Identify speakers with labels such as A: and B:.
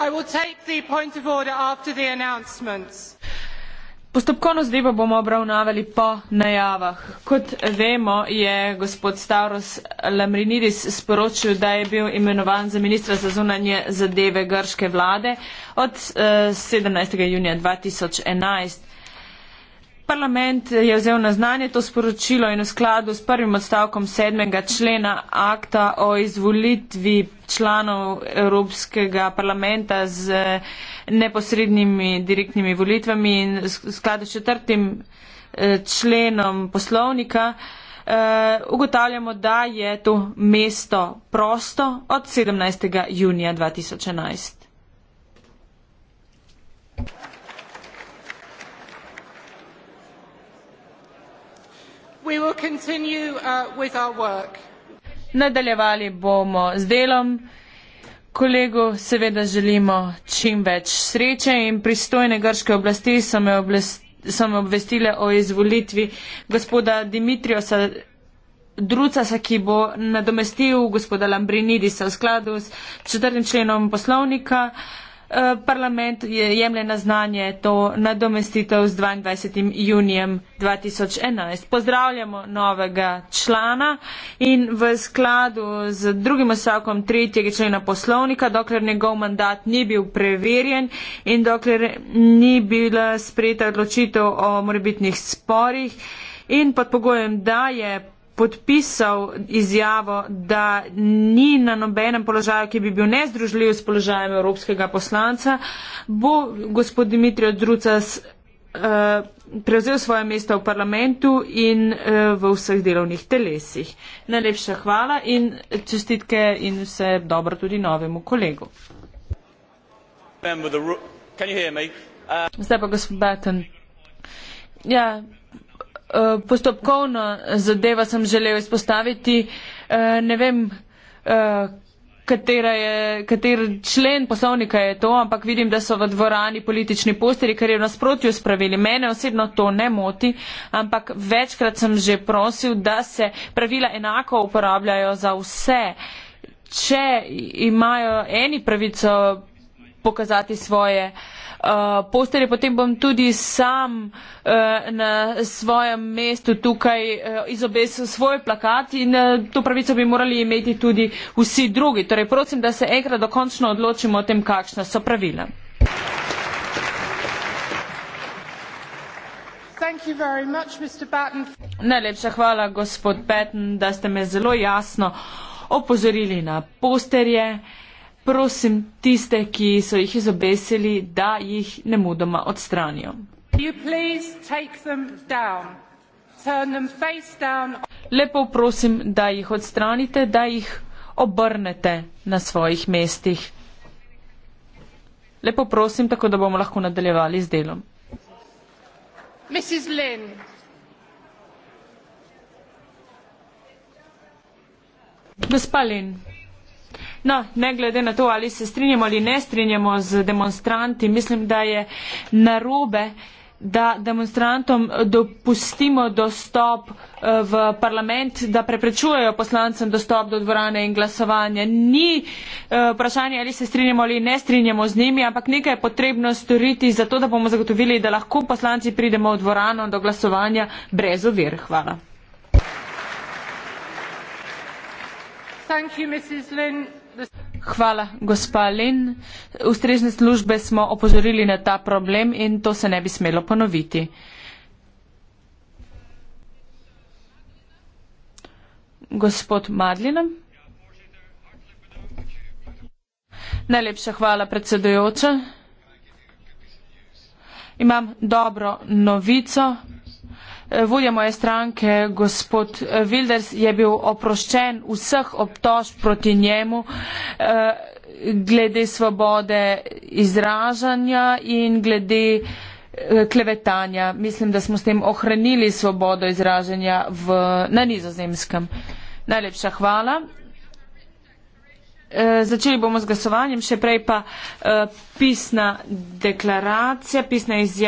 A: i will take the point of order after the announcements. Postopkovno zadevo bomo obravnavali po najavah. Kot vemo, je gospod Stavros Lamrinidis sporočil, da je bil imenovan za ministra za zunanje zadeve grške vlade od 17. Eh, junija 2011. Parlament je vzel na znanje to sporočilo in v skladu s prvim odstavkom sedmega člena akta o izvolitvi članov Evropskega parlamenta z neposrednimi direktnimi volitvami in v skladu s četrtim eh, členom poslovnika eh, ugotavljamo, da je to mesto prosto od 17. junija 2011. Uh, Nadaljevali bomo z delom. Kolegu seveda želimo čim več sreče in pristojne grške oblasti so me, oblasti, so me obvestile o izvolitvi gospoda Dimitriosa Drucasa, ki bo nadomestil gospoda Lambrinidisa v skladu s četrtim členom poslovnika. Eh, parlament jemlje na znanje to nadomestitev z 22. junijem 2011. Pozdravljamo novega člana in v skladu z drugim osakom tretjega člena poslovnika, dokler njegov mandat ni bil preverjen in dokler ni bila sprejeta odločitev o morebitnih sporih in pod pogojem, da je podpisal izjavo, da ni na nobenem položaju, ki bi bil nezdružljiv s položajem evropskega poslanca, bo gospod Dimitrij Drucas eh, prevzel svoje mesto v parlamentu in eh, v vseh delovnih telesih. Najlepša hvala in čestitke in vse dobro tudi novemu kolegu. Uh, Zdaj pa gospod Batten. Ja, Eh, postopkovno zadeva sem želel izpostaviti. Eh, ne vem, eh, je, kater člen poslovnika je to, ampak vidim, da so v dvorani politični posteri, kar je v nasprotju s pravili. Mene osebno to ne moti, ampak večkrat sem že prosil, da se pravila enako uporabljajo za vse. Če imajo eni pravico pokazati svoje uh, eh, posterje. Potem bom tudi sam uh, na svojem mestu tukaj uh, izobesil svoj plakat in uh, to pravico bi morali imeti tudi vsi drugi. Torej prosim, da se enkrat dokončno odločimo o tem, kakšna so pravila. Najlepša hvala, gospod Patten, da ste me zelo jasno opozorili na posterje. Uh, prosim tiste, ki so jih izobesili, da jih ne mudoma odstranijo. Lepo prosim, da jih odstranite, da jih obrnete na svojih mestih. Lepo prosim, tako da bomo lahko nadaljevali z delom. Gospa Lin. No, ne glede na to, ali se strinjamo ali ne strinjamo z demonstranti, mislim, da je narobe, da demonstrantom dopustimo dostop eh, v parlament, da preprečujejo poslancem dostop do dvorane in glasovanja. Ni eh, vprašanje, ali se strinjamo ali ne strinjamo z njimi, ampak nekaj je potrebno storiti zato, da bomo zagotovili, da lahko poslanci pridemo v dvorano do glasovanja brez ovir. Hvala. Thank you, Mrs. Lynn. Hvala, gospa Len. Ustrezne službe smo opozorili na ta problem in to se ne bi smelo ponoviti. Gospod Madlina. Najlepša hvala, predsedujoča. Imam dobro novico vodja moje stranke, gospod Wilders, je bil oproščen vseh obtož proti njemu eh, glede svobode izražanja in glede eh, klevetanja. Mislim, da smo s tem ohranili svobodo izražanja v, na nizozemskem. Najlepša hvala. E, začeli bomo z glasovanjem, še prej pa e, pisna deklaracija, pisna izjava.